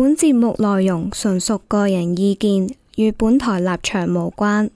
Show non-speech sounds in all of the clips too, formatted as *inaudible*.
本節目內容純屬個人意見，與本台立場無關。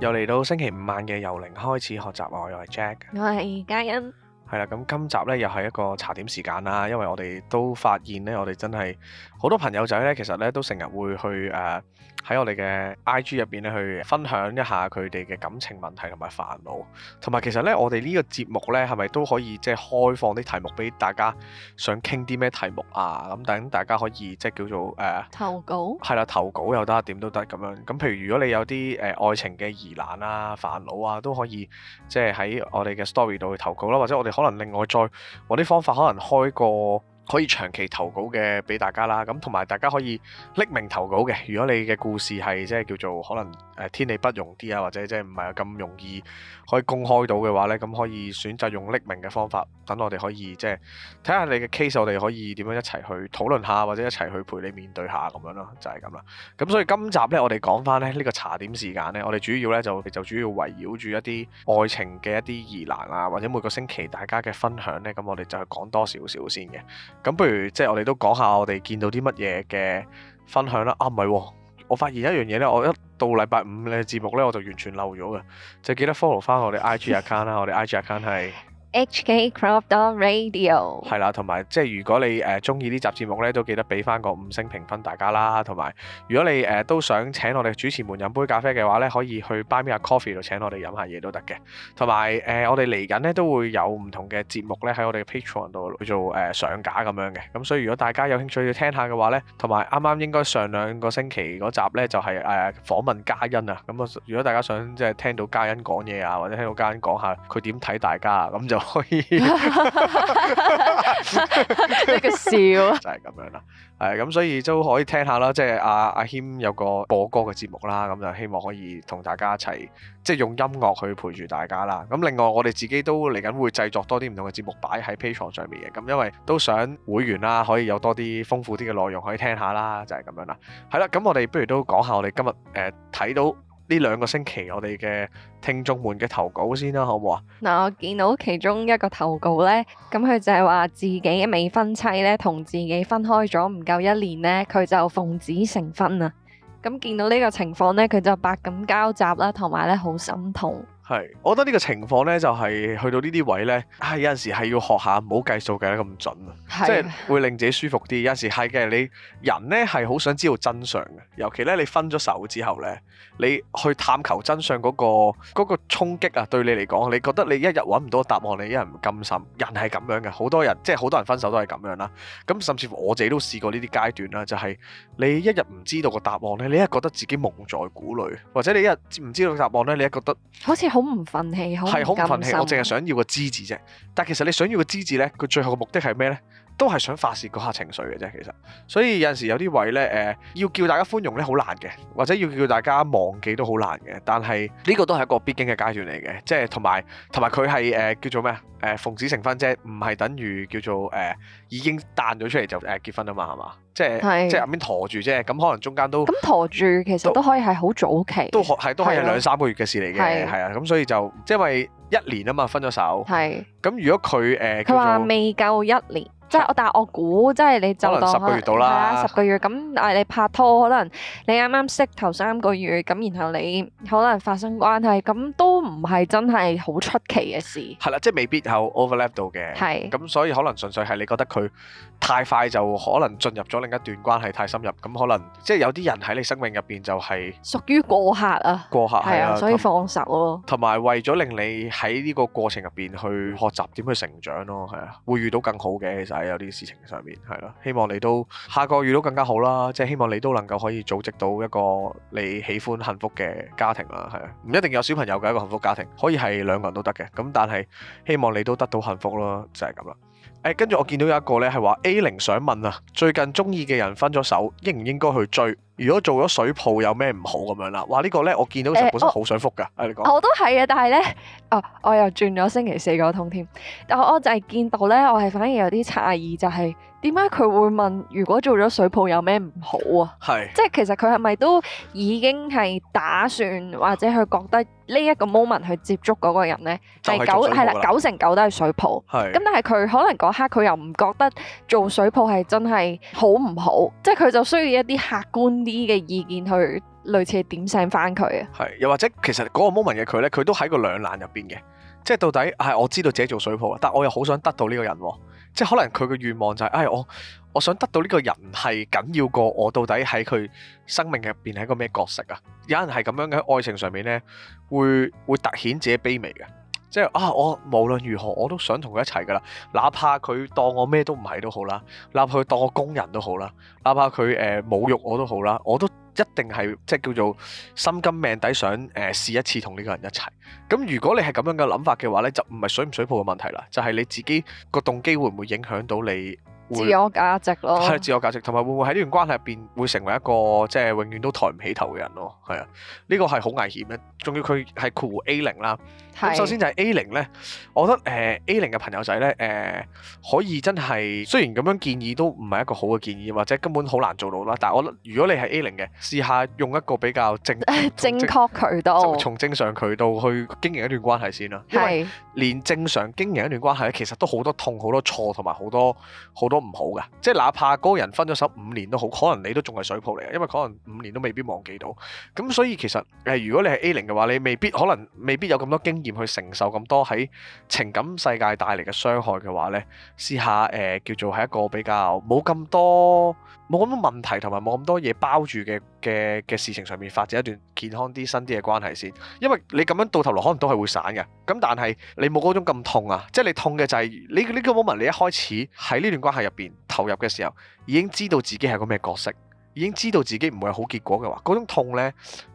又嚟到星期五晚嘅由零開始學習愛，我又係 Jack，我係嘉欣。係啦，咁今集呢又係一個茶點時間啦，因為我哋都發現呢，我哋真係好多朋友仔呢，其實呢都成日會去誒喺、呃、我哋嘅 IG 入邊呢去分享一下佢哋嘅感情問題同埋煩惱，同埋其實呢，我哋呢個節目呢係咪都可以即係開放啲題目俾大家想傾啲咩題目啊？咁、嗯、等大家可以即係叫做誒、呃、投稿，係啦投稿又得，點都得咁樣。咁譬如如果你有啲誒、呃、愛情嘅疑難啊、煩惱啊，都可以即係喺我哋嘅 Story 度去投稿啦，或者我哋。可能另外再揾啲方法，可能開個，可以長期投稿嘅俾大家啦，咁同埋大家可以匿名投稿嘅。如果你嘅故事係即係叫做可能誒天理不容啲啊，或者即係唔係咁容易可以公開到嘅話呢，咁可以選擇用匿名嘅方法，等我哋可以即係睇下你嘅 case，我哋可以點樣一齊去討論下，或者一齊去陪你面對下咁樣咯，就係咁啦。咁所以今集呢，我哋講返呢呢個茶點時間呢，我哋主要呢，就就主要圍繞住一啲愛情嘅一啲疑難啊，或者每個星期大家嘅分享呢。咁我哋就去講多少少先嘅。咁不如即係我哋都講下我哋見到啲乜嘢嘅分享啦。啊，唔係喎，我發現一樣嘢咧，我一到禮拜五嘅節目咧，我就完全漏咗嘅，就記得 follow 翻我哋 IG account 啦， *laughs* 我哋 IG account 係。HK Crop Radio 係啦，同埋即係如果你誒中意呢集節目咧，都記得俾翻個五星評分大家啦。同埋，如果你誒、呃、都想請我哋主持們飲杯咖啡嘅話咧，可以去 b Buy Me a Coffee 度請我哋飲下嘢都得嘅。同埋誒，我哋嚟緊咧都會有唔同嘅節目咧喺我哋嘅 Patreon 度去做誒、呃、上架咁樣嘅。咁所以如果大家有興趣要聽下嘅話咧，同埋啱啱應該上兩個星期嗰集咧就係、是、誒、呃、訪問嘉欣啊。咁啊，如果大家想即係聽到嘉欣講嘢啊，或者聽到嘉欣講下佢點睇大家啊，咁就 *laughs* ～可以，笑就，就係咁樣啦。係咁，所以都可以聽下啦。即係阿阿謙有個播歌嘅節目啦。咁就希望可以同大家一齊，即係用音樂去陪住大家啦。咁另外，我哋自己都嚟緊會製作多啲唔同嘅節目擺喺 Patreon 上面嘅。咁因為都想會員啦，可以有多啲豐富啲嘅內容可以聽下啦。就係、係、咁樣啦。係啦，咁我哋不如都講下我哋今日誒睇到，呢兩個星期我哋嘅聽眾們嘅投稿先啦，好唔好啊？嗱，我見到其中一個投稿呢，咁佢就係話自己未婚妻呢，同自己分開咗唔夠一年呢，佢就奉子成婚啊！咁、嗯、見到呢個情況呢，佢就百感交集啦，同埋呢好心痛。係，我覺得呢個情況呢，就係、係、去到呢啲位呢。係、啊、有陣時係要學下唔好計數計得咁準啊，即係的會令自己舒服啲。有陣時係嘅，你人呢係好想知道真相嘅，尤其呢，你分咗手之後呢，你去探求真相嗰、嗰個嗰、嗰個衝擊啊，對你嚟講，你覺得你一日揾唔到答案，你一日唔甘心。人係咁樣嘅，好多人即係好多人分手都係咁樣啦。咁甚至乎我自己都試過呢啲階段啦，就係、係、你一日唔知道個答案呢，你一日覺得自己蒙在鼓裏，或者你一日唔知道答案呢，你一日覺得，一一覺得好似。好唔忿氣，好感受。係好憤氣，我淨係想要個知字啫。但係其實你想要個知字咧，佢最後嘅目的係咩咧？都係想發泄嗰下情緒嘅啫，其實，所以有陣時有啲位咧，誒，要叫大家寬容咧，好難嘅；或者要叫大家忘記都好難嘅。但係呢個都係一個必經嘅階段嚟嘅，即係同埋同埋佢係誒叫做咩啊？誒，奉子成婚啫，唔係等於叫做誒已經彈咗出嚟就誒結婚啊嘛，係嘛？即係即係入面陀住啫。咁可能中間都咁陀住，其實都可以係好早期，都可係都係兩三個月嘅事嚟嘅。係啊，咁所以就即係因為一年啊嘛，分咗手。係。咁如果佢誒佢話未夠一年。即係我，但係我估，即係你就十個月到啦，係啊十個月咁。誒能，你拍拖可能你啱啱識頭三個月咁，然後你可能發生關係，咁都唔係真係好出奇嘅事。係啦，即係未必有 overlap 到嘅。係是。咁所以可能純粹係你覺得佢太快就可能進入咗另一段關係太深入，咁可能即係有啲人喺你生命入邊就係屬於過客啊。過客係啊，所以放手咯。同埋為咗令你喺呢個過程入邊去學習點去成長咯，係啊，會遇到更好嘅其實。喺有啲事情上面，係咯，希望你都下個遇到更加好啦，即係希望你都能夠可以組織到一個你喜歡幸福嘅家庭啦，係唔一定有小朋友嘅一個幸福家庭，可以係兩個人都得嘅，咁但係希望你都得到幸福咯，就係咁啦。哎，跟住我見到有一個呢係話 A 零想問啊，最近中意嘅人分咗手，應唔應該去追？如果做咗水泡有咩唔好咁樣啦？哇！呢、呢個咧、欸，我見到嘅時候本身好想覆㗎，你講，我都係嘅，但係呢，哦、 *laughs* 啊，我又轉咗星期四嗰通添，但係我就係見到呢，我係反而有啲詫異，就係、係。點解佢會問？如果做咗水泡有咩唔好啊？係是，即係其實佢係咪都已經係打算，或者佢覺得呢一個 moment 去接觸嗰個人呢？係九係啦，九成九都係水泡。咁是但係佢可能嗰刻佢又唔覺得做水泡係真係好唔好？即係佢就需要一啲客觀啲嘅意見去類似去點醒翻佢啊。係。又或者其實嗰個 moment 嘅佢呢，佢都喺個兩難入邊嘅，即係到底係、啊、我知道自己做水泡，但我又好想得到呢個人喎。即係可能佢嘅願望就係、是，唉、哎，我我想得到呢個人係緊要過我到底喺佢生命入邊係一個咩角色啊？有人係咁樣喺愛情上面呢，會會突顯自己卑微嘅。即係啊！我無論如何我都想同佢一齊㗎啦，哪怕佢當我咩都唔係都好啦，哪怕佢當我工人都好啦，哪怕佢誒、呃、侮辱我都好啦，我都一定係即係叫做心甘命抵想誒、呃、試一次同呢個人一齊。咁如果你係咁樣嘅諗法嘅話呢就唔係水唔水泡嘅問題啦，就係、係、你自己個動機會唔會影響到你？會自我價值咯，係自我價值，同埋會唔會喺呢段關係入邊會成為一個即係永遠都抬唔起頭嘅人咯？係啊，呢個係好危險嘅。仲要佢係括弧 A 零啦。是的 咁首先就係 A 零咧，我覺得誒、呃、A 零嘅朋友仔咧誒、呃、可以真係雖然咁樣建議都唔係一個好嘅建議，或者根本好難做到啦。但係我覺得如果你係 A 零嘅，試下用一個比較正正，正確渠道，從正常渠道去經營一段關係先啦。係。因為是的 連正常經營一段關係咧，其實都好多痛、好多錯同埋好多好多。都唔好㗎，即係哪怕嗰個人分咗手五年都好，可能你都仲係水泡嚟，因為可能五年都未必忘記到。咁所以其實誒、呃，如果你係 A0 嘅話，你未必可能未必有咁多經驗去承受咁多喺情感世界帶嚟嘅傷害嘅話呢試下誒，叫做係一個比較冇咁多冇咁多問題同埋冇咁多嘢包住嘅嘅嘅事情上面發展一段健康啲新啲嘅關係先，因為你咁樣到頭來可能都係會散嘅。咁但係你冇嗰種咁痛啊，即係你痛嘅就係呢個 moment。你一開始喺呢段關係入邊投入嘅時候，已經知道自己係個咩角色，已經知道自己唔會有好結果嘅話，嗰種痛呢，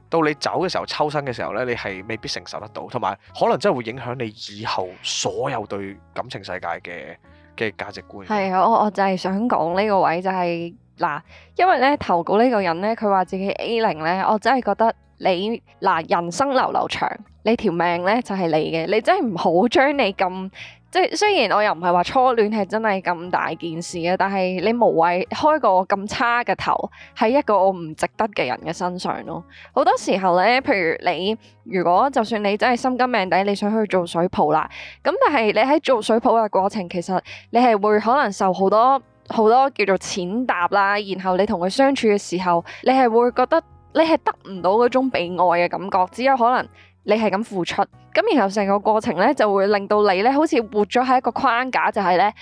到你走嘅時候抽身嘅時候呢，你係未必承受得到，同埋可能真係會影響你以後所有對感情世界嘅嘅價值觀。係啊，我我就係想講呢個位就係。嗱，因為咧，投稿呢個人咧，佢話自己 A 零咧，我真係覺得你嗱，人生流流長，你條命咧就係、是、你嘅，你真係唔好將你咁即係，雖然我又唔係話初戀係真係咁大件事嘅，但係你無謂開個咁差嘅頭喺一個我唔值得嘅人嘅身上咯。好多時候咧，譬如你如果就算你真係心甘命抵，你想去做水泡啦，咁但係你喺做水泡嘅過程，其實你係會可能受好多。好多叫做淺搭啦，然後你同佢相處嘅時候，你係會覺得你係得唔到嗰種被愛嘅感覺，只有可能你係咁付出，咁然後成個過程咧就會令到你咧好似活咗喺一個框架，就呢，就係咧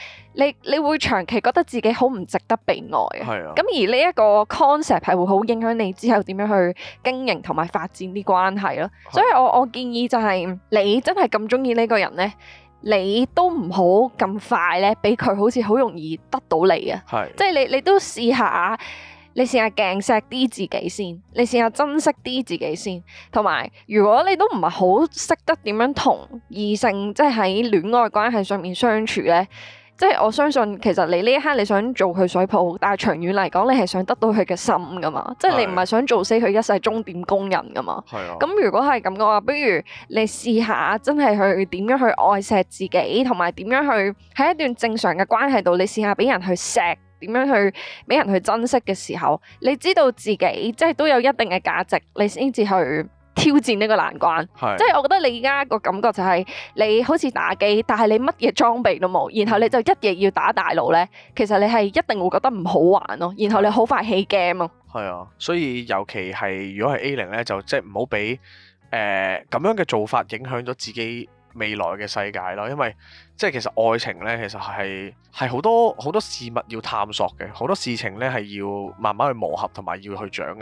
你你會長期覺得自己好唔值得被愛是啊。咁而呢一個 concept 係會好影響你之後點樣去經營同埋發展啲關係咯。是啊、所以我我建議就係、是、你真係咁中意呢個人咧。你都唔好咁快咧，俾佢好似好容易得到你啊！是即係你，你都試下，你試下勁錫啲自己先，你試下珍惜啲自己先，同埋如果你都唔係好識得點樣同異性，即係喺戀愛關係上面相處咧。即係我相信，其實你呢一刻你想做佢水泡，但係長遠嚟講，你係想得到佢嘅心噶嘛？是的 即係你唔係想做死佢一世鐘點工人噶嘛？咁是的 如果係咁嘅話，不如你試下真係去點樣去愛錫自己，同埋點樣去喺一段正常嘅關係度，你試下俾人去錫，點樣去俾人去珍惜嘅時候，你知道自己即係都有一定嘅價值，你先至去。挑戰呢個難關，即係是我覺得你而家個感覺就係你好似打機，但係你乜嘢裝備都冇，然後你就一嘢要打大佬咧，其實你係一定會覺得唔好玩咯，然後你好快棄 game 咯。係啊，所以尤其係如果係 A 零咧，就即係唔好俾誒咁樣嘅做法影響咗自己未來嘅世界咯，因為。即係其實愛情咧，其實係係好多好多事物要探索嘅，好多事情咧係要慢慢去磨合同埋要去掌握。誒、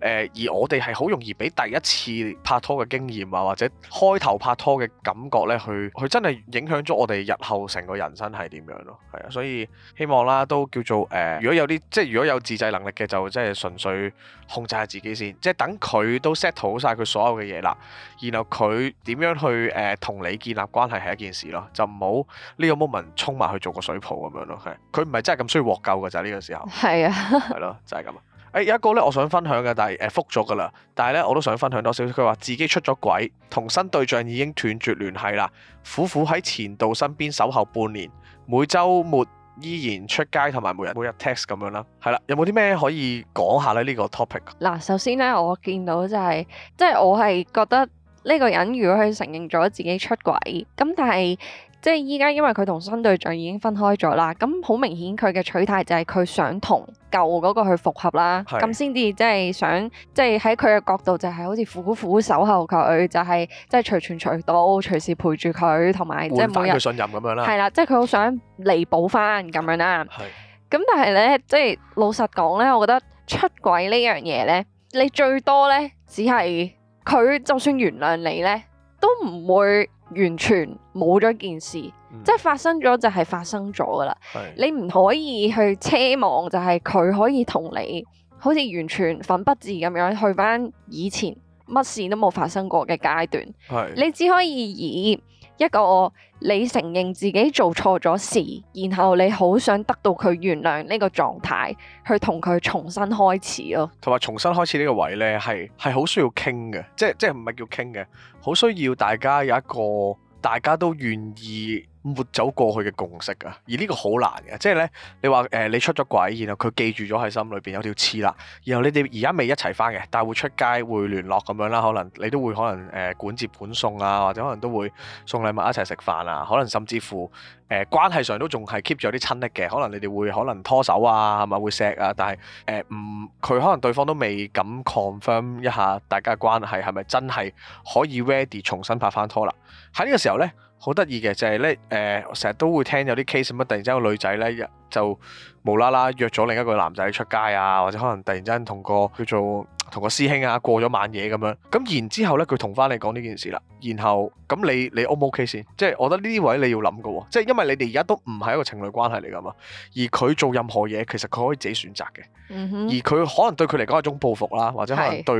呃、而我哋係好容易俾第一次拍拖嘅經驗啊，或者開頭拍拖嘅感覺咧，去去真係影響咗我哋日後成個人生係點樣咯。係啊，所以希望啦，都叫做誒、呃、如果有啲即係如果有自制能力嘅，就即係純粹控制下自己先，即係等佢都 set 好晒佢所有嘅嘢，啦，然後佢點樣去誒同、呃、你建立關係係一件事咯，就唔好。呢個 moment 衝埋去做個水泡咁樣咯，係佢唔係真係咁需要獲救嘅就係呢個時候，係啊，係咯 *laughs* 就係咁啊。誒、欸，有一個咧，我想分享嘅，但係覆咗噶啦。但係咧，我都想分享多少少。佢話自己出咗軌，同新對象已經斷絕聯繫啦，苦苦喺前度身邊守候半年，每週末依然出街，同埋每日每日 text 咁樣啦。係啦，有冇啲咩可以講下咧？呢、這個 topic 嗱，首先咧，我見到就係即係我係覺得呢個人如果佢承認咗自己出軌咁，但係。即係依家，因為佢同新對象已經分開咗啦，咁好明顯佢嘅取態就係佢想同舊嗰個去復合啦，咁先至即係想，即係喺佢嘅角度就係好似苦苦守候佢，就係即係隨傳隨到，隨時陪住佢，同埋即係每日換返佢信任咁樣啦、啊。係啦，即係佢好想彌補翻咁樣啦。係是，咁但係咧，即係老實講咧，我覺得出軌呢樣嘢咧，你最多咧只係佢就算原諒你咧，都唔會。完全冇咗件事，嗯、即係發生咗就係發生咗㗎喇。是的 你唔可以去奢望，就係佢可以同你好似完全粉筆字咁樣去返以前乜事都冇發生過嘅階段。是的 你只可以以。一個我，你承認自己做錯咗事，然後你好想得到佢原諒呢個狀態，去同佢重新開始咯啊。同埋重新開始呢個位呢，係係好需要傾嘅，即係即係唔係叫傾嘅，好需要大家有一個大家都願意。抹走過去嘅共識啊，而呢個好難嘅，即係呢，你話誒、呃、你出咗軌，然後佢記住咗喺心裏邊有條刺啦，然後你哋而家未一齊返嘅，但係會出街會聯絡咁樣啦，可能你都會可能誒管接管送啊，或者可能都會送禮物一齊食飯啊，可能甚至乎。誒關係上都仲係 keep 住有啲親力嘅，可能你哋會可能拖手啊，係咪會錫啊？但係誒唔，佢、呃嗯、可能對方都未敢 confirm 一下大家關係係咪真係可以 ready 重新拍翻拖啦？喺呢個時候呢，好得意嘅就係、是、呢，誒、呃，成日都會聽有啲 case 乜突然之間個女仔呢就無啦啦約咗另一個男仔出街啊，或者可能突然之間同個叫做同個師兄啊過咗晚嘢咁樣，咁然之後呢，佢同翻你講呢件事啦。然後咁你你 O 唔 O K 先？即係我覺得呢啲位你要諗㗎喎，即係因為你哋而家都唔係一個情侶關係嚟㗎嘛，而佢做任何嘢其實佢可以自己選擇嘅。嗯、而佢可能對佢嚟講係一種報復啦，或者可能對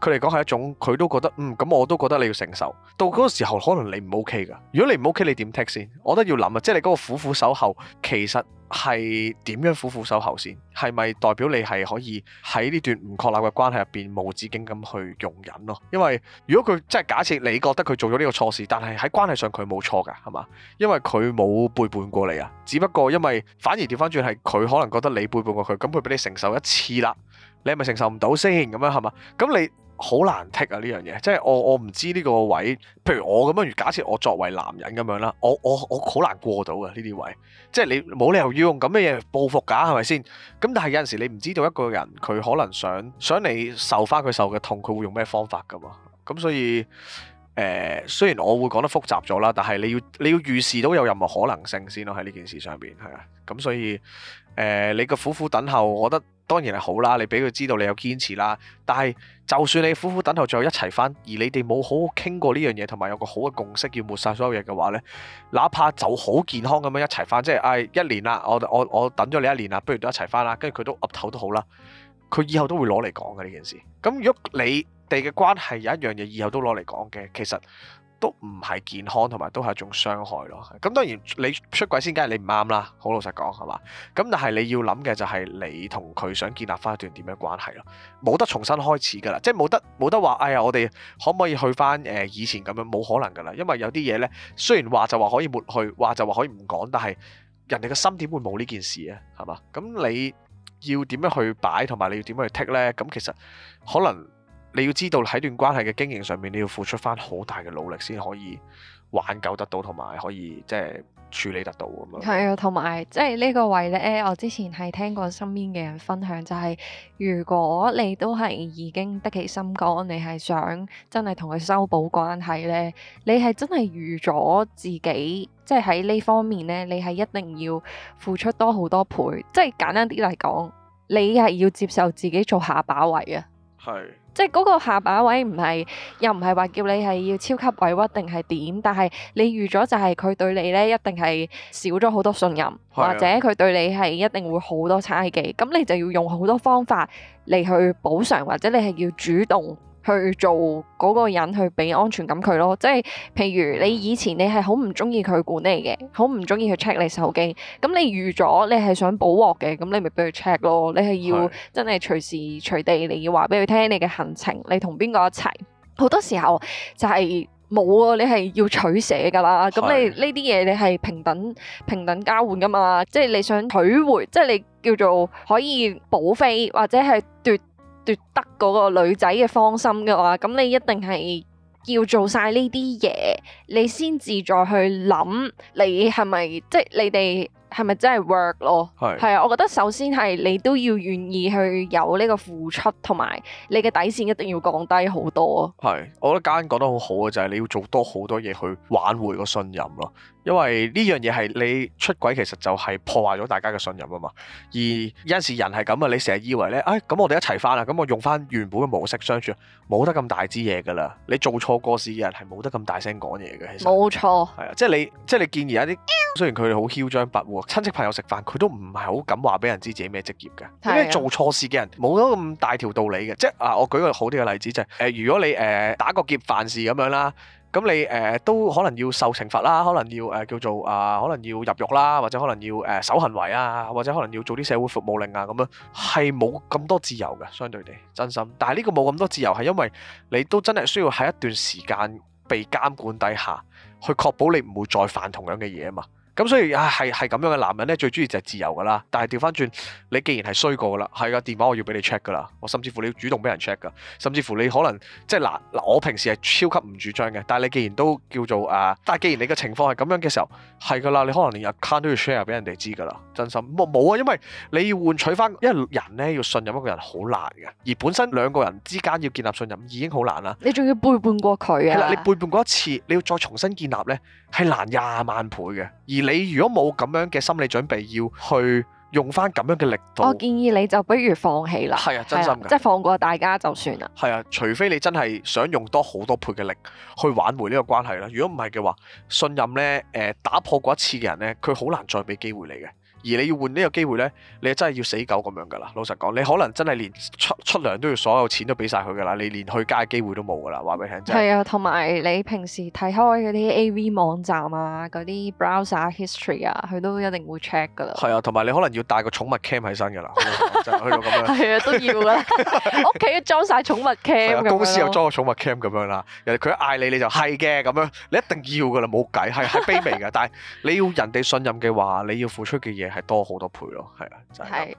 佢嚟講係一種，佢都覺得嗯咁，我都覺得你要承受。到嗰個時候可能你唔 OK 噶如果你唔 OK，你點 take 先？我覺得要諗啊，即係你嗰個苦苦守候，其實係點樣苦苦守候先？係咪代表你係可以喺呢段唔確立嘅關係入邊無止境咁去容忍咯？因為如果佢即係假設你覺得佢做咗呢個錯事，但係喺關係上佢冇錯噶，係嘛？因為佢冇背叛過你啊，只不過因為反而掉返轉係佢可能覺得你背叛過佢，咁佢俾你承受。有一次啦，你係咪承受唔到先咁樣係嘛？咁你好難剔啊呢樣嘢，即係我我唔知呢個位，譬如我咁樣，如假設我作為男人咁樣啦，我我我好難過到嘅呢啲位，即係你冇理由要用咁嘅嘢報復噶，係咪先？咁但係有陣時你唔知道一個人佢可能想想你受翻佢受嘅痛，佢會用咩方法噶嘛？咁所以誒、呃，雖然我會講得複雜咗啦，但係你要你要預視到有任何可能性先咯，喺呢件事上邊係啊。咁所以誒、呃，你個苦苦等候，我覺得。當然係好啦，你俾佢知道你有堅持啦。但係就算你苦苦等候最後一齊翻，而你哋冇好好傾過呢樣嘢，同埋有個好嘅共識，要抹殺所有嘢嘅話呢，哪怕就好健康咁樣一齊翻，即係唉、哎、一年啦，我我我等咗你一年啦，不如都一齊翻啦，跟住佢都噏頭都好啦，佢以後都會攞嚟講嘅呢件事。咁如果你哋嘅關係有一樣嘢以後都攞嚟講嘅，其實。都唔係健康，同埋都係一種傷害咯。咁當然你出軌先，梗係你唔啱啦。好老實講係嘛？咁但係你要諗嘅就係你同佢想建立翻一段點樣關係咯。冇得重新開始噶啦，即係冇得冇得話，哎呀，我哋可唔可以去翻誒以前咁樣？冇可能噶啦，因為有啲嘢呢，雖然話就話可以抹去，話就話可以唔講，但係人哋嘅心點會冇呢件事啊？係嘛？咁你要點樣去擺，同埋你要點樣去剔呢？咁其實可能。你要知道喺段關係嘅經營上面，你要付出翻好大嘅努力先可以挽救得到，同埋可以即係處理得到。咁樣。係啊，同埋、 *noise* 嗯、即係呢個位咧，我之前係聽過身邊嘅人分享，就係、是如果你都係已經得其心肝，你係想真係同佢修補關係咧，你係真係預咗自己，即係喺呢方面咧，你係一定要付出多好多倍。即係簡單啲嚟講，你係要接受自己做下把位啊。即係嗰個下巴位唔係，又唔係話叫你係要超級委屈定係點，但係你預咗就係佢對你呢一定係少咗好多信任，是啊、或者佢對你係一定會好多猜忌，咁你就要用好多方法嚟去補償，或者你係要主動。去做嗰個人去俾安全感佢咯，即係譬如你以前你係好唔中意佢管理嘅，好唔中意佢 check 你手機。咁你預咗你係想補鑊嘅，咁你咪俾佢 check 咯。你係要真係隨時隨地，你要話俾佢聽你嘅行程，你同邊個一齊。好多時候就係冇啊，你係要取捨噶啦。咁你呢啲嘢你係平等平等交換噶嘛？即係你想取回，即係你叫做可以補飛或者係奪。奪得嗰個女仔嘅芳心嘅話，咁你一定係要做晒呢啲嘢，你先至再去諗你係咪，即係你哋。係咪真係 work 咯？係是，啊！我覺得首先係你都要願意去有呢個付出，同埋你嘅底線一定要降低好多。係，我覺得嘉欣講得好好嘅就係、是、你要做多好多嘢去挽回個信任咯。因為呢樣嘢係你出軌，其實就係破壞咗大家嘅信任啊嘛。而有陣時人係咁啊，你成日以為呢：「哎咁我哋一齊返啦，咁我用返原本嘅模式相處，冇得咁大支嘢噶啦。」你做錯過事嘅人係冇得咁大聲講嘢嘅，其實冇錯。係啊錯，即係你，即係你建議一啲，雖然佢哋好囂張跋扈。親戚朋友食飯，佢都唔係好敢話俾人知自己咩職業嘅，做錯事嘅人冇咗咁大條道理嘅。即係啊，我舉個好啲嘅例子就係、呃，如果你誒、呃、打個劫犯事咁樣啦，咁你誒、呃、都可能要受懲罰啦，可能要誒、呃、叫做啊、呃，可能要入獄啦，或者可能要誒、呃、守行為啊，或者可能要做啲社會服務令啊，咁樣係冇咁多自由嘅，相對地，真心。但係呢個冇咁多自由，係因為你都真係需要喺一段時間被監管底下，去確保你唔會再犯同樣嘅嘢啊嘛。咁所以係係咁樣嘅男人咧，最中意就係自由噶啦。但係調翻轉，你既然係衰過啦，係嘅、啊、電話我要俾你 check 噶啦，我甚至乎你要主動俾人 check 噶，甚至乎你可能即係嗱嗱，我平時係超級唔主張嘅。但係你既然都叫做誒、啊，但係既然你嘅情況係咁樣嘅時候，係噶啦，你可能連 account 都要 share 俾人哋知噶啦，真心冇啊，啊？因為你要換取翻，因為人咧要信任一個人好難嘅，而本身兩個人之間要建立信任已經好難啦。你仲要背叛過佢啊？係啦，你背叛過一次，你要再重新建立咧，係難廿萬倍嘅，而你如果冇咁樣嘅心理準備，要去用翻咁樣嘅力度，我建議你就不如放棄啦。係啊，真心嘅，係啊，即係放過大家就算啦。係啊，除非你真係想用多好多倍嘅力去挽回呢個關係啦。如果唔係嘅話，信任呢，誒打破過一次嘅人呢，佢好難再俾機會你嘅。而你要換呢個機會咧，你真係要死狗咁樣噶啦！老實講，你可能真係連出出糧都要所有錢都俾晒佢噶啦，你連去街嘅機會都冇噶啦！話俾你聽啫。係啊，同埋你平時睇開嗰啲 AV 網站啊，嗰啲 browser history 啊，佢都一定會 check 噶啦。係啊，同埋你可能要帶個寵物 cam 喺身噶啦， *laughs* 去到咁樣。係 *laughs* 啊，都要噶啦！屋企 *laughs* *laughs* 裝晒寵物 cam、啊、公司又裝個寵物 cam 咁樣啦。 *laughs* 人哋佢一嗌你，你就係嘅咁樣，你一定要噶啦，冇計，係係卑微嘅。但係你要人哋信任嘅話，你要付出嘅嘢。 *laughs* *laughs* 多好多倍咯，係啊，就係咁。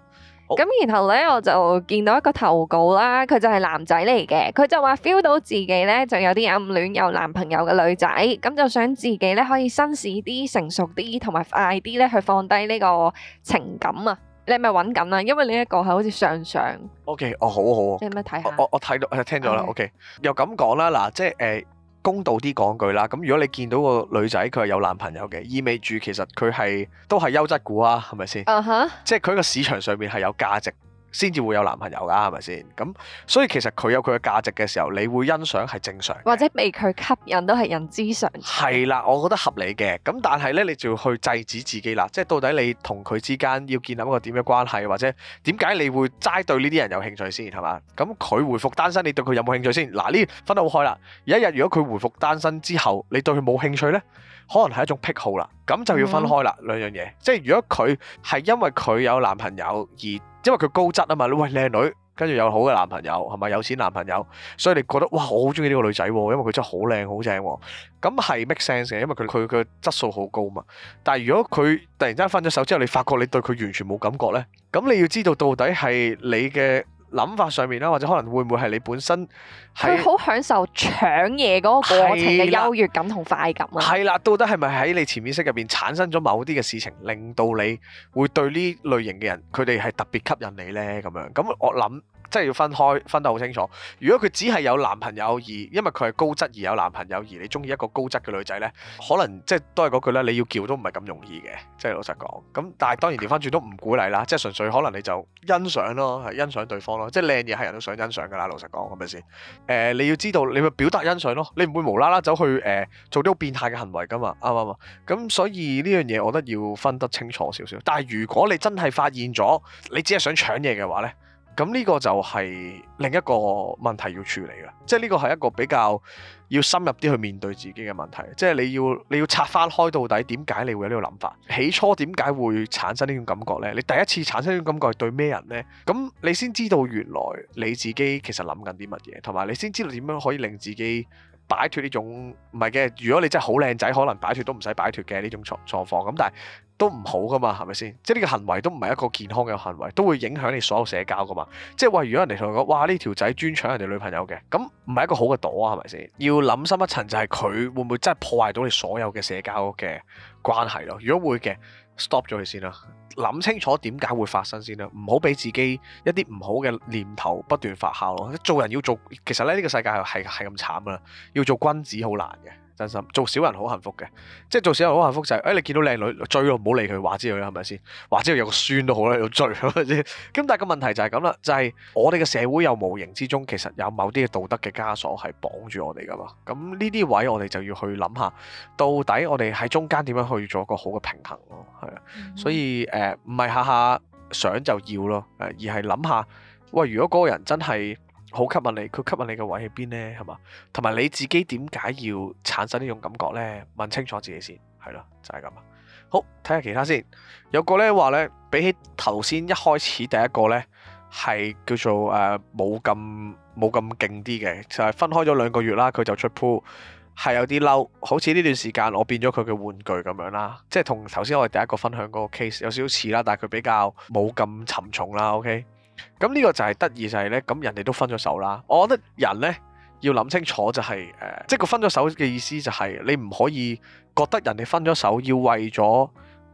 咁然後咧，我就見到一個投稿啦，佢就係男仔嚟嘅，佢就話 feel 到自己咧，就有啲暗戀有男朋友嘅女仔，咁就想自己咧可以紳士啲、成熟啲，同埋快啲咧去放低呢個情感啊。你係咪揾緊啊？因為呢一個係好似上上。OK，哦，好啊，好啊。你有咩睇？我我睇到，聽咗啦。OK，又咁講啦，嗱，即係誒。公道啲講句啦，咁如果你見到個女仔佢係有男朋友嘅，意味住其實佢係都係優質股啊，係咪先？啊哈、uh！Huh。即係佢個市場上面係有價值。先至會有男朋友噶，係咪先？咁所以其實佢有佢嘅價值嘅時候，你會欣賞係正常，或者被佢吸引都係人之常。係啦，我覺得合理嘅。咁但係呢，你就要去制止自己啦。即係到底你同佢之間要建立一個點嘅關係，或者點解你會齋對呢啲人有興趣先，係嘛？咁佢回復單身，你對佢有冇興趣先？嗱、啊、呢啲分得好開啦。有一日如果佢回復單身之後，你對佢冇興趣呢，可能係一種癖好啦。咁就要分開啦，兩、嗯、樣嘢。即係如果佢係因為佢有男朋友而。因為佢高質啊嘛，你喂靚女，跟住有好嘅男朋友，係咪有錢男朋友？所以你覺得哇，我好中意呢個女仔，因為佢真係好靚好正，咁係 make sense 嘅，因為佢佢嘅質素好高嘛。但係如果佢突然間分咗手之後，你發覺你對佢完全冇感覺呢，咁你要知道到底係你嘅諗法上面啦，或者可能會唔會係你本身佢好享受搶嘢嗰個過程嘅優越感同快感啊？係啦，到底係咪喺你潛意識入邊產生咗某啲嘅事情，令到你會對呢類型嘅人佢哋係特別吸引你呢？咁樣咁我諗。即係要分開，分得好清楚。如果佢只係有男朋友而，而因為佢係高質而有男朋友而，而你中意一個高質嘅女仔呢，可能即係都係嗰句咧，你要叫都唔係咁容易嘅。即係老實講，咁但係當然調翻轉都唔鼓勵啦。即係純粹可能你就欣賞咯，欣賞對方咯。即係靚嘢係人都想欣賞噶啦，老實講，係咪先？誒、呃，你要知道，你咪表達欣賞咯。你唔會無啦啦走去誒、呃、做啲好變態嘅行為噶嘛，啱嘛？咁所以呢樣嘢，我覺得要分得清楚少少。但係如果你真係發現咗，你只係想搶嘢嘅話呢。咁呢個就係另一個問題要處理嘅，即係呢個係一個比較要深入啲去面對自己嘅問題，即係你要你要拆翻開到底點解你會有呢個諗法？起初點解會產生呢種感覺呢？你第一次產生呢種感覺係對咩人呢？咁你先知道原來你自己其實諗緊啲乜嘢，同埋你先知道點樣可以令自己。擺脫呢種唔係嘅，如果你真係好靚仔，可能擺脫都唔使擺脫嘅呢種狀狀況，咁，但係都唔好㗎嘛，係咪先？即係呢個行為都唔係一個健康嘅行為，都會影響你所有社交㗎嘛。即係話，如果人哋同我講，哇，呢條仔專搶人哋女朋友嘅，咁唔係一個好嘅朵啊，係咪先？要諗深一層，就係佢會唔會真係破壞到你所有嘅社交嘅關係咯？如果會嘅，stop 咗佢先啦。諗清楚點解會發生先啦，唔好俾自己一啲唔好嘅念頭不斷發酵咯。做人要做，其實咧呢個世界係係咁慘噶，要做君子好難嘅。真心做小人好幸福嘅，即係做小人好幸福就係、是，誒、哎、你見到靚女追到唔好理佢話之佢啦，係咪先？話之佢有個孫都好啦，喺度追咁咪先。咁 *laughs* 但係個問題就係咁啦，就係、是、我哋嘅社會又無形之中其實有某啲嘅道德嘅枷鎖係綁住我哋噶嘛。咁呢啲位我哋就要去諗下，到底我哋喺中間點樣去做一個好嘅平衡咯？係啊，mm hmm. 所以誒唔係下下想就要咯，誒而係諗下，喂如果嗰個人真係。好吸引你，佢吸引你嘅位喺邊呢？係嘛？同埋你自己點解要產生呢種感覺呢？問清楚自己先，係啦，就係咁啊。好，睇下其他先。有個呢話呢，比起頭先一開始第一個呢係叫做誒冇咁冇咁勁啲嘅，就係分開咗兩個月啦，佢就出 pool，係有啲嬲，好似呢段時間我變咗佢嘅玩具咁樣啦。即係同頭先我哋第一個分享嗰個 case 有少少似啦，但係佢比較冇咁沉重啦。OK。咁呢個就係得意就係呢。咁人哋都分咗手啦。我覺得人呢，要諗清楚就係、是，誒、呃，即係個分咗手嘅意思就係你唔可以覺得人哋分咗手要為咗。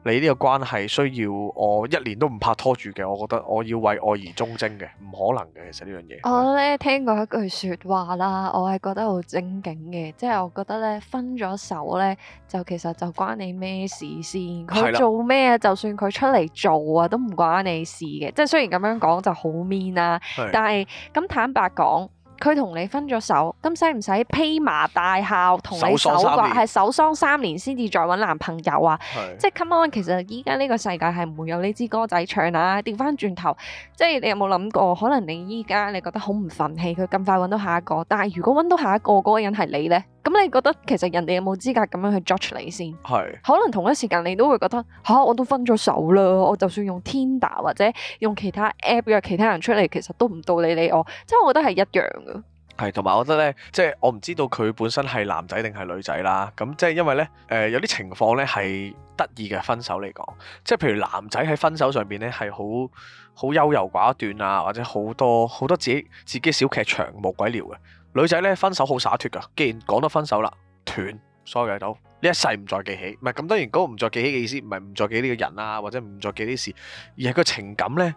你呢個關係需要我一年都唔拍拖住嘅，我覺得我要為愛而忠貞嘅，唔可能嘅。其實樣呢樣嘢，我咧是聽過一句説話啦，我係覺得好正經嘅，即係我覺得咧分咗手咧，就其實就關你咩事先？佢做咩，的就算佢出嚟做啊，都唔關你事嘅。即係雖然咁樣講就好 mean 啦、啊，的但係咁坦白講。佢同你分咗手，咁使唔使披麻戴孝同你守寡？係守喪三年先至再搵男朋友啊？是即係 come on，其實依家呢個世界係唔會有呢支歌仔唱啊！調翻轉頭，即係你有冇諗過？可能你依家你覺得好唔忿氣，佢咁快搵到下一個，但係如果搵到下一個嗰、那個人係你呢？咁你覺得其實人哋有冇資格咁樣去 judge 你先？係是，可能同一時間你都會覺得嚇、啊，我都分咗手啦，我就算用 Tinder 或者用其他 app 約其他人出嚟，其實都唔道理理我，即係我覺得係一樣嘅。係，同埋我覺得咧，即係我唔知道佢本身係男仔定係女仔啦。咁即係因為咧，誒有啲情況咧係得意嘅分手嚟講，即係譬如男仔喺分手上邊咧係好好優柔寡斷啊，或者好多好多自己自己小劇場無鬼聊嘅。女仔咧分手好灑脫噶既然講得分手啦，斷，所以嚟到呢一世唔再記起，唔係咁當然嗰個唔再記起嘅意思，唔係唔再記呢個人啊，或者唔再記啲事，而係個情感咧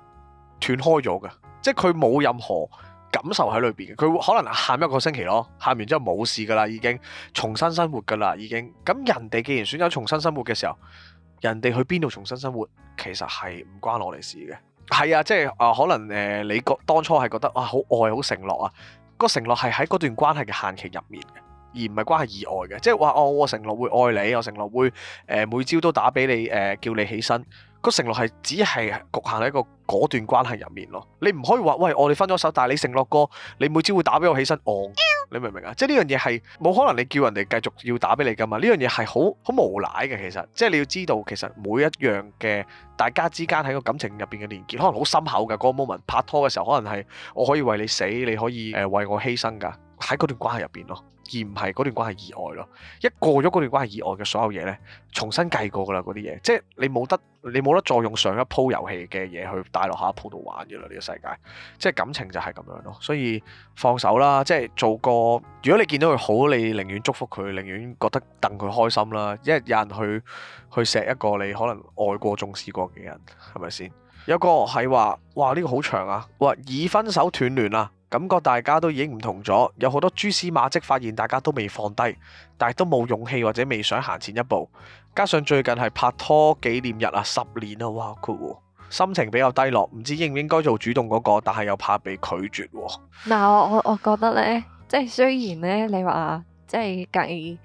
斷開咗噶，即係佢冇任何感受喺裏邊，佢會可能喊一個星期咯，喊完之後冇事噶啦，已經重新生活噶啦，已經。咁人哋既然選擇重新生活嘅時候，人哋去邊度重新生活，其實係唔關我哋事嘅。係啊，即係啊、呃，可能誒、呃，你個當初係覺得哇，好愛，好承諾啊。個承諾係喺嗰段關係嘅限期入面嘅，而唔係關係以外嘅，即係話我承諾會愛你，我承諾會誒、呃、每朝都打俾你誒、呃、叫你起身。個承諾係只係局限喺一個果段關係入面咯，你唔可以話喂，我哋分咗手，但係你承諾過你每朝會打俾我起身，我、哦，你明唔明啊？即係呢樣嘢係冇可能你叫人哋繼續要打俾你噶嘛？呢樣嘢係好好無奈嘅，其實即係你要知道，其實每一樣嘅大家之間喺個感情入邊嘅連結，可能好深厚噶。嗰、那個 moment 拍拖嘅時候，可能係我可以為你死，你可以誒、呃、為我犧牲噶。喺嗰段關係入邊咯，而唔係嗰段關係以外咯。一過咗嗰段關係以外嘅所有嘢呢，重新計過噶啦嗰啲嘢，即係你冇得，你冇得再用上一鋪遊戲嘅嘢去帶落下一鋪度玩嘅啦呢個世界，即係感情就係咁樣咯。所以放手啦，即係做個。如果你見到佢好，你寧願祝福佢，寧願覺得戥佢開心啦。因為有人去去錫一個你可能愛過、重視過嘅人，係咪先？有個係話，哇呢個好長啊，話已分手斷聯啊。感覺大家都已經唔同咗，有好多蛛絲馬跡，發現大家都未放低，但係都冇勇氣或者未想行前一步。加上最近係拍拖紀念日啊，十年啊，哇 cool，心情比較低落，唔知應唔應該做主動嗰個，但係又怕被拒絕。嗱，我我覺得呢，即係雖然呢，你話即係計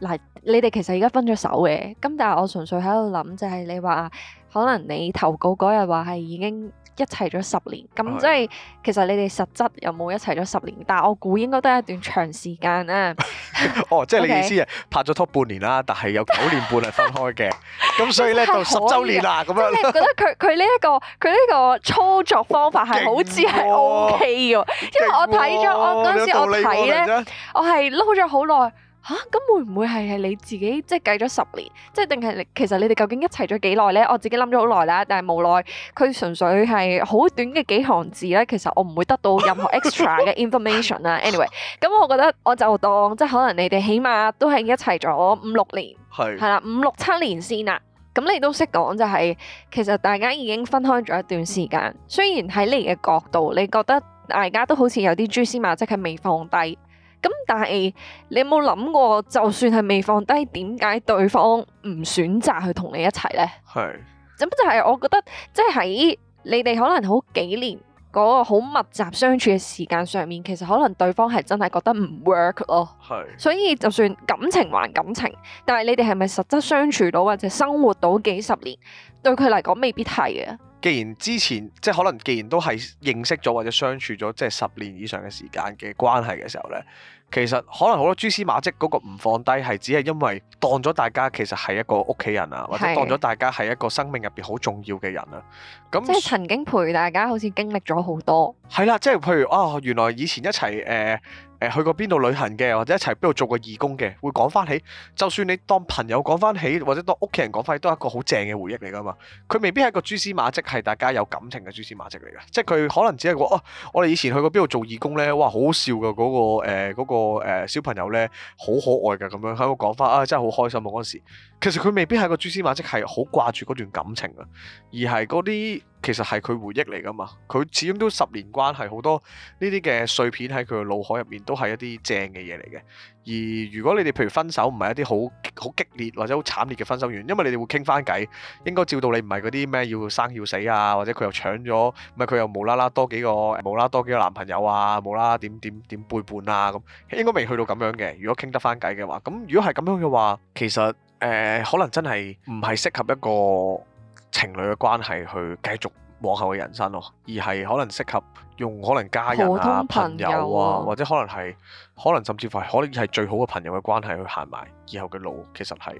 嗱，你哋其實而家分咗手嘅，咁但係我純粹喺度諗，就係你話可能你投稿嗰日話係已經。一齊咗十年，咁即係其實你哋實質有冇一齊咗十年？但係我估應該都係一段長時間啊！ *laughs* 哦，即係你意思啊， *laughs* 拍咗拖半年啦，但係有九年半係分開嘅，咁 *laughs* 所以咧，到十週年啦咁樣。你覺得佢佢呢一個佢呢個操作方法係好似係 O K 嘅，啊、因為我睇咗、啊、我嗰陣時我睇咧，我係撈咗好耐。嚇，咁、啊、會唔會係係你自己即係計咗十年，即係定係你其實你哋究竟一齊咗幾耐咧？我自己諗咗好耐啦，但係無奈佢純粹係好短嘅幾行字咧，其實我唔會得到任何 extra 嘅 information 啊。 *laughs* Anyway，咁我覺得我就當即係可能你哋起碼都係一齊咗五六年，係係是啦，五六七年先啦。咁你都識講就係、是、其實大家已經分開咗一段時間，雖然喺你嘅角度，你覺得大家都好似有啲蛛絲馬跡係未放低。咁但係你有冇諗過，就算係未放低，點解對方唔選擇去同你一齊呢？係咁係就係，我覺得即係喺你哋可能好幾年嗰個好密集相處嘅時間上面，其實可能對方係真係覺得唔 work 咯。係，係所以就算感情還感情，但係你哋係咪實質相處到或者生活到幾十年，對佢嚟講未必係嘅。既然之前即係可能，既然都係認識咗或者相處咗即係十年以上嘅時間嘅關係嘅時候咧。其實可能好多蛛絲馬跡嗰個唔放低，係只係因為當咗大家其實係一個屋企人啊，是或者當咗大家係一個生命入邊好重要嘅人啊。咁即係曾經陪大家好似經歷咗好多，嗯。係啦，即係譬如啊、哦，原來以前一齊誒誒去過邊度旅行嘅，或者一齊邊度做過義工嘅，會講翻起。就算你當朋友講翻起，或者當屋企人講翻起，都係一個好正嘅回憶嚟噶嘛。佢未必係一個蛛絲馬跡，係大家有感情嘅蛛絲馬跡嚟噶。即係佢可能只係個哦、啊，我哋以前去過邊度做義工咧，哇，好笑噶嗰個誒個。呃那個個誒小朋友呢，好可愛噶，咁樣喺度講翻啊，真係好開心啊！嗰時其實佢未必係個蛛絲馬跡，係好掛住嗰段感情啊，而係嗰啲。其實係佢回憶嚟㗎嘛，佢始終都十年關係，好多呢啲嘅碎片喺佢嘅腦海入面都係一啲正嘅嘢嚟嘅。而如果你哋譬如分手唔係一啲好好激烈或者好慘烈嘅分手緣，因為你哋會傾翻偈，應該照道理唔係嗰啲咩要生要死啊，或者佢又搶咗，咪佢又無啦啦多幾個，無啦多幾個男朋友啊，無啦點點點背叛啊咁，應該未去到咁樣嘅。如果傾得翻偈嘅話，咁如果係咁樣嘅話，其實誒、呃、可能真係唔係適合一個情侶嘅關係去繼續往後嘅人生咯，而係可能適合用可能家人啊、朋友啊，友啊，或者可能係可能甚至乎係可能係最好嘅朋友嘅關係去行埋以後嘅路，其實係。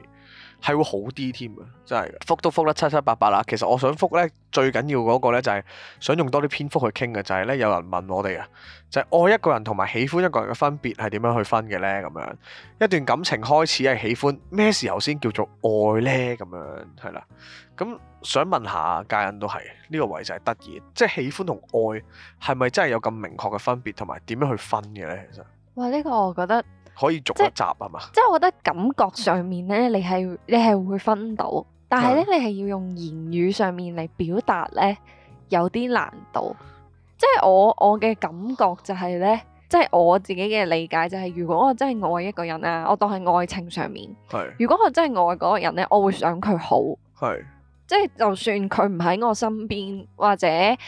係會好啲添啊！真係，覆都覆得七七八八啦。其實我想覆呢最緊要嗰個咧就係想用多啲篇幅去傾嘅，就係咧有人問我哋啊，就係愛一個人同埋喜歡一個人嘅分別係點樣去分嘅呢？咁樣一段感情開始係喜歡，咩時候先叫做愛呢？咁樣係啦。咁想問下 Kayan 都係呢個位就係得意，即係喜歡同愛係咪真係有咁明確嘅分別同埋點樣去分嘅呢？其實哇，呢個我覺得。可以續一集係嘛？即係吧我覺得感覺上面咧，你係你係會分到，但係咧，是的 你係要用言語上面嚟表達咧，有啲難度。即係我我嘅感覺就係咧，即係我自己嘅理解就係、是，如果我真係愛一個人啊，我當係愛情上面。係。是的 如果我真係愛嗰個人咧，我會想佢好。係。是的 即係就算佢唔喺我身邊，或者佢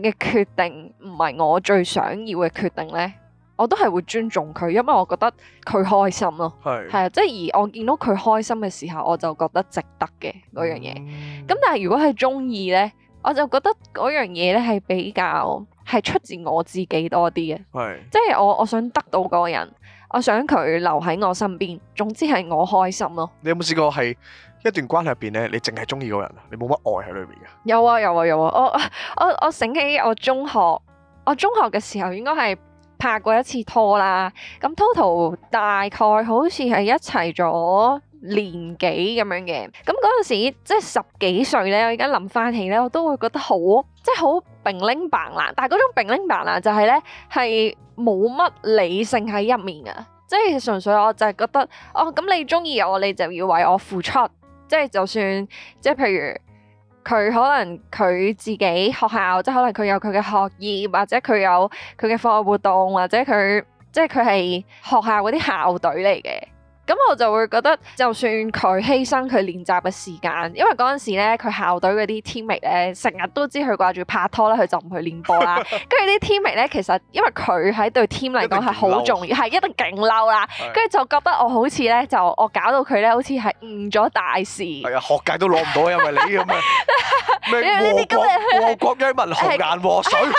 嘅決定唔係我最想要嘅決定咧。我都係會尊重佢，因為我覺得佢開心咯。係係啊，即係是而我見到佢開心嘅時候，我就覺得值得嘅嗰樣嘢。咁、嗯、但係如果係中意呢，我就覺得嗰樣嘢呢係比較係出自我自己多啲嘅。係是即係我我想得到嗰個人，我想佢留喺我身邊。總之係我開心咯、啊。你有冇試過係一段關係入邊呢，你淨係中意嗰個人，你冇乜愛喺裏面嘅、啊？有啊有啊有啊！我我我醒起我中學，我中學嘅時候應該係。拍過一次拖啦，咁 total 大概好似係一齊咗年幾咁樣嘅。咁嗰陣時即十幾歲咧，我而家諗翻起咧，我都會覺得好即好並拎白爛，但係嗰種並拎白爛就係咧係冇乜理性喺入面嘅，即係純粹我就係覺得哦咁你中意我，你就要為我付出，即係就算即譬如。佢可能佢自己學校，即係可能佢有佢嘅學業，或者佢有佢嘅課外活動，或者佢即係佢係學校嗰啲校隊嚟嘅。咁我就會覺得，就算佢犧牲佢練習嘅時間，因為嗰陣時咧，佢校隊嗰啲 Teammate 咧，成日都知佢掛住拍拖啦，佢就唔去練波啦。跟住啲 *laughs* Teammate 咧，其實因為佢喺對 team 嚟講係好重要，係 *laughs* 一定勁嬲啦。跟住 *laughs* 就覺得我好似咧，就我搞到佢咧，好似係誤咗大事。係啊，學界都攞唔到，因為你咁啊，禍國禍國殃民 *laughs* 紅顏禍水。 *laughs*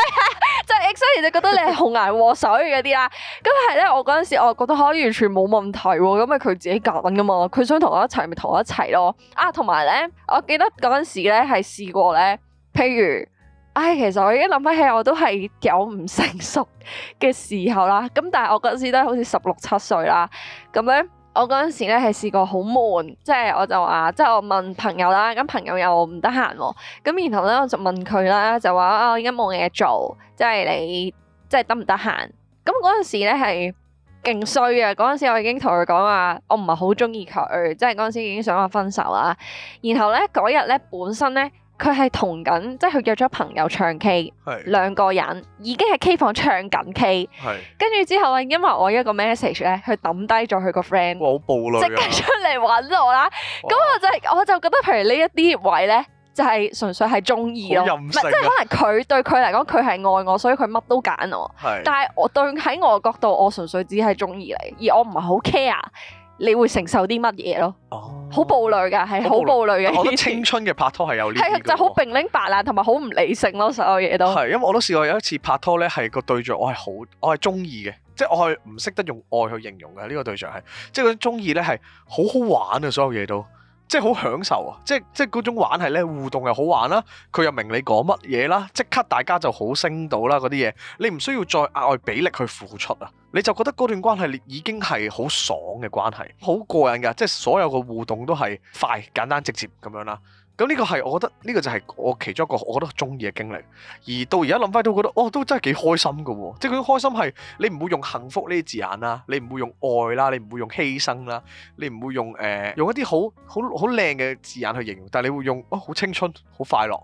*laughs* 所以就覺得你係紅顏禍水嗰啲啦，咁係咧，我嗰陣時我覺得可以完全冇問題喎，咁咪佢自己揀噶嘛，佢想同我一齊咪同我一齊咯。啊，同埋咧，我記得嗰陣時咧係試過咧，譬如，唉，其實我已經諗翻起我都係有唔成熟嘅時候啦，咁但係我嗰陣時都係好似十六七歲啦，咁咧。我嗰陣時咧係試過好悶，即係我就話，即係我問朋友啦，咁朋友又唔得閒，咁然後咧我就問佢啦，就話啊，我而家冇嘢做，即係你即係得唔得閒？咁嗰陣時咧係勁衰啊！嗰陣時我已經同佢講話，我唔係好中意佢，即係嗰陣時已經想話分手啦。然後咧嗰日咧本身咧。佢係同緊，即係佢約咗朋友唱 K，< 是的 S 1> 兩個人已經喺 K 房唱緊 K，跟住是的 之後咧，因為我一個 message 咧，佢抌低咗佢個 friend，即刻出嚟揾我啦。咁哇 我就我就覺得，譬如呢一啲位咧，就係、是、純粹係中意咯，唔係、啊、即係可能佢對佢嚟講，佢係愛我，所以佢乜都揀我。是的 但係我對喺我角度，我純粹只係中意你，而我唔係好 care。你會承受啲乜嘢咯？哦、啊，好暴戾噶，係好暴戾嘅。我覺得青春嘅拍拖係有係 *laughs* 就好并拎白爛，同埋好唔理性咯，所有嘢都係。因為我都試過有一次拍拖咧，係個對象我係好，我係中意嘅，即係我係唔識得用愛去形容嘅呢、這個對象係，即係佢中意咧係好好玩啊，所有嘢都。即係好享受啊！即係即係嗰種玩係咧，互動又好玩啦，佢又明你講乜嘢啦，即刻大家就好升到啦嗰啲嘢，你唔需要再額外俾力去付出啊，你就覺得嗰段關係你已經係好爽嘅關係，好過癮噶！即係所有嘅互動都係快、簡單、直接咁樣啦。咁呢個係我覺得，呢個就係我其中一個我覺得中意嘅經歷，而到而家諗翻都覺得，哦，都真係幾開心嘅喎！即係佢啲開心係你唔會用幸福呢啲字眼啦，你唔會用愛啦，你唔會用犧牲啦，你唔會用誒、呃、用一啲好好好靚嘅字眼去形容，但係你會用，哦，好青春，好快樂。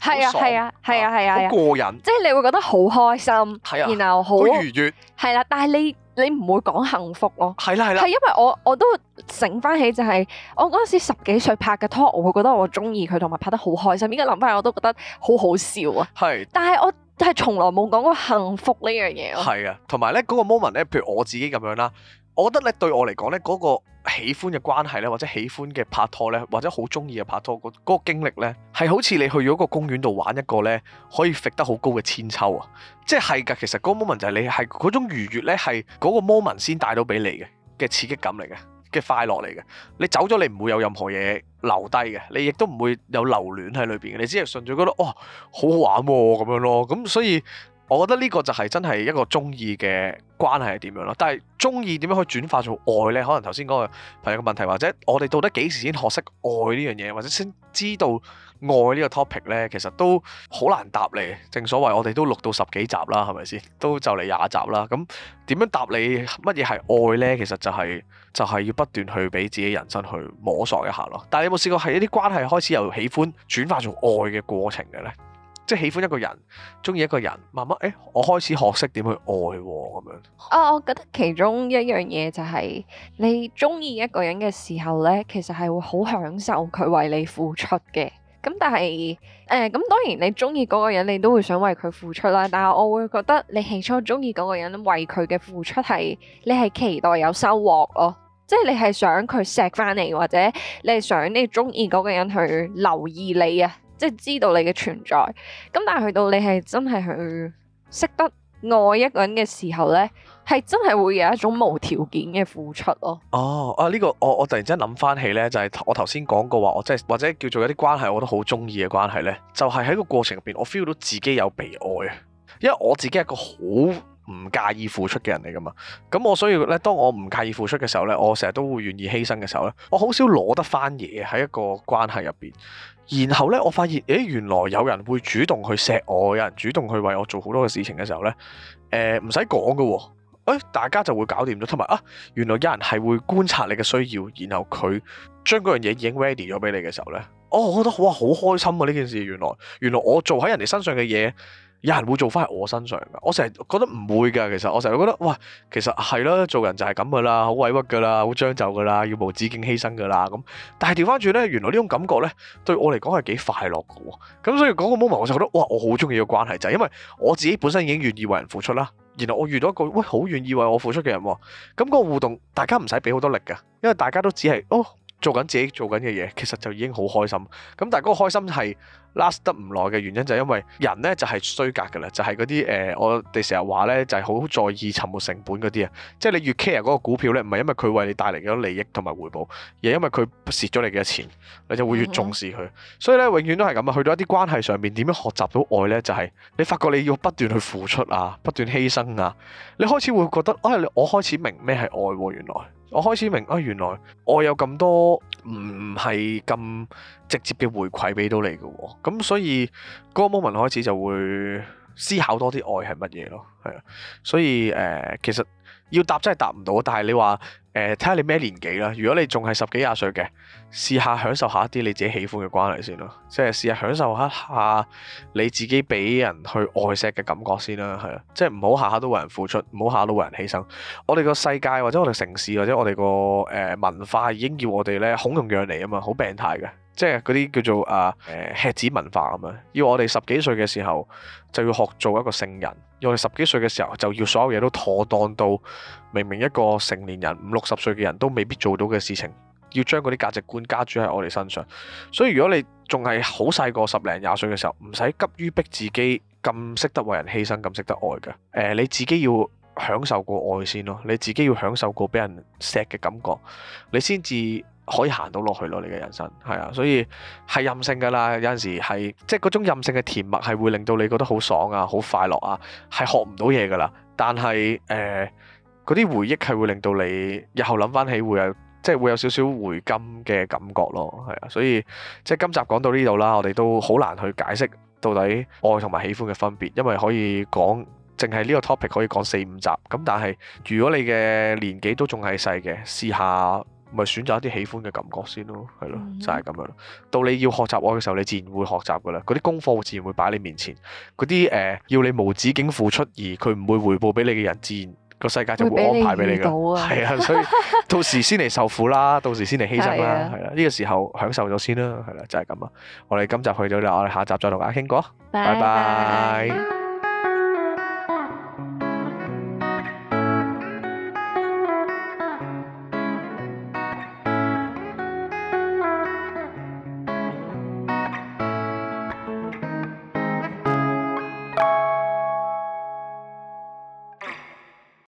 係啊係啊係啊係啊！好過癮，即係你會覺得好開心，然後好愉悅，係啦。但係你你唔會講幸福咯，係啦係啦，係因為我我都醒翻起就係我嗰陣時十幾歲拍嘅拖，我會覺得我中意佢，同埋拍得好開心。而家諗翻嚟我都覺得好好笑啊！係，但係我係從來冇講過幸福呢樣嘢咯。係啊，同埋咧嗰個 moment 咧，譬如我自己咁樣啦。我覺得咧對我嚟講咧，嗰個喜歡嘅關係咧，或者喜歡嘅拍拖咧，或者好中意嘅拍拖，嗰個經歷咧，係好似你去咗個公園度玩一個咧，可以揈得好高嘅千秋啊，即係噶，其實嗰 moment 就係你係嗰種愉悦咧，係嗰個 moment 先帶到俾你嘅嘅刺激感嚟嘅，嘅快樂嚟嘅。你走咗，你唔會有任何嘢留低嘅，你亦都唔會有留戀喺裏邊嘅，你只係純粹覺得哇，好好玩咁樣咯，咁所以。我覺得呢個就係真係一個鍾意嘅關係係點樣咯，但係鍾意點樣去轉化做愛呢？可能頭先嗰個朋友嘅問題，或者我哋到底幾時先學識愛呢樣嘢，或者先知道愛呢個 topic 呢，其實都好難答你。正所謂我哋都錄到十幾集啦，係咪先？都就嚟廿集啦。咁點樣答你乜嘢係愛呢？其實就係，就係要不斷去俾自己人生去摸索一下咯。但係有冇試過係一啲關係開始由喜歡轉化做愛嘅過程嘅呢？即係喜歡一個人，中意一個人，慢慢誒，我開始學識點去愛咁、啊、樣。啊，我覺得其中一樣嘢就係、是、你中意一個人嘅時候咧，其實係會好享受佢為你付出嘅。咁但係誒，咁、呃、當然你中意嗰個人，你都會想為佢付出啦。但係我會覺得你起初中意嗰個人為佢嘅付出係你係期待有收穫咯，即係你係想佢錫翻你，或者你係想你中意嗰個人去留意你啊。即係知道你嘅存在，咁但係去到你係真係去識得愛一個人嘅時候呢，係真係會有一種無條件嘅付出咯。哦，啊呢、這個我我突然之間諗翻起呢，就係、是、我頭先講過話，我即、就、係、是、或者叫做有啲關係我都好中意嘅關係呢，就係、是、喺個過程入邊，我 feel 到自己有被愛啊，因為我自己係一個好。唔介意付出嘅人嚟噶嘛？咁我所以咧，當我唔介意付出嘅時候咧，我成日都會願意犧牲嘅時候咧，我好少攞得翻嘢喺一個關係入邊。然後咧，我發現，誒，原來有人會主動去錫我，有人主動去為我做好多嘅事情嘅時候咧，誒、呃，唔使講噶，誒，大家就會搞掂咗。同埋啊，原來有人係會觀察你嘅需要，然後佢將嗰樣嘢已經 ready 咗俾你嘅時候咧、哦，我覺得哇，好開心啊！呢件事，原來，原來我做喺人哋身上嘅嘢。有人會做翻喺我身上噶，我成日覺得唔會噶。其實我成日覺得，哇，其實係啦，啊，做人就係咁噶啦，好委屈噶啦，好將就噶啦，要無止境犧牲噶啦。咁但係調翻轉呢，原來呢種感覺呢，對我嚟講係幾快樂噶。咁所以講個 moment，我就覺得，哇，我好中意嘅關係就係因為我自己本身已經願意為人付出啦。然後我遇到一個喂，好願意為我付出嘅人，咁、嗰個互動，大家唔使俾好多力噶，因為大家都只係哦，做緊自己做緊嘅嘢，其實就已經好開心。咁但係嗰個開心係。Last 得唔耐嘅原因就係因為人呢，就係、是、衰格噶啦，就係嗰啲誒我哋成日話呢，就係、是、好在意沉沒成本嗰啲啊，即、就、係、是、你越 care 嗰個股票呢，唔係因為佢為你帶嚟咗利益同埋回報，而係因為佢蝕咗你幾多錢，你就會越重視佢。Okay. 所以呢，永遠都係咁啊，去到一啲關係上面，點樣學習到愛呢？就係、是、你發覺你要不斷去付出啊，不斷犧牲啊，你開始會覺得啊、哎，我開始明咩係愛喎、啊哎，原來我開始明啊，原來愛有咁多唔係咁直接嘅回饋俾到你噶。咁所以嗰個 moment 開始就會思考多啲愛係乜嘢咯，係啊，所以誒、呃、其實要答真係答唔到，但係你話誒睇下你咩年紀啦，如果你仲係十幾廿歲嘅，試下享受下一啲你自己喜歡嘅關係先咯，即係試下享受一下你自己俾人去愛錫嘅感覺先啦，係啊，即係唔好下下都為人付出，唔好下下都為人犧牲。我哋個世界或者我哋城市或者我哋個誒文化已經要我哋咧孔融讓梨啊嘛，好病態嘅。即係嗰啲叫做啊誒、呃、吃子文化咁樣，要我哋十幾歲嘅時候就要學做一個聖人，要我哋十幾歲嘅時候就要所有嘢都妥當到，明明一個成年人五六十歲嘅人都未必做到嘅事情，要將嗰啲價值觀加注喺我哋身上。所以如果你仲係好細個十零廿歲嘅時候，唔使急於逼自己咁識得為人犧牲，咁識得愛嘅。誒、呃，你自己要享受過愛先咯，你自己要享受過俾人錫嘅感覺，你先至，可以行到落去咯，你嘅人生係啊，所以係任性噶啦。有陣時係即係嗰種任性嘅甜蜜，係會令到你覺得好爽啊，好快樂啊，係學唔到嘢噶啦。但係誒嗰啲回憶係會令到你日後諗翻起會有即係會有少少回甘嘅感覺咯。係啊，所以即係今集講到呢度啦，我哋都好難去解釋到底愛同埋喜歡嘅分別，因為可以講淨係呢個 topic 可以講四五集。咁但係如果你嘅年紀都仲係細嘅，試下。咪選擇一啲喜歡嘅感覺先咯，係咯，嗯、就係咁樣咯。到你要學習愛嘅時候，你自然會學習嘅啦。嗰啲功課自然會擺你面前。嗰啲誒要你無止境付出而佢唔會回報俾你嘅人，自然個世界就會安排俾你㗎。係啊，所以 *laughs* 到時先嚟受苦啦，到時先嚟犧牲啦，係啦。 *laughs* 呢、呢個時候享受咗先啦，係啦，就係咁啊。我哋今集去到啦，我哋下集再同阿傾過。拜拜。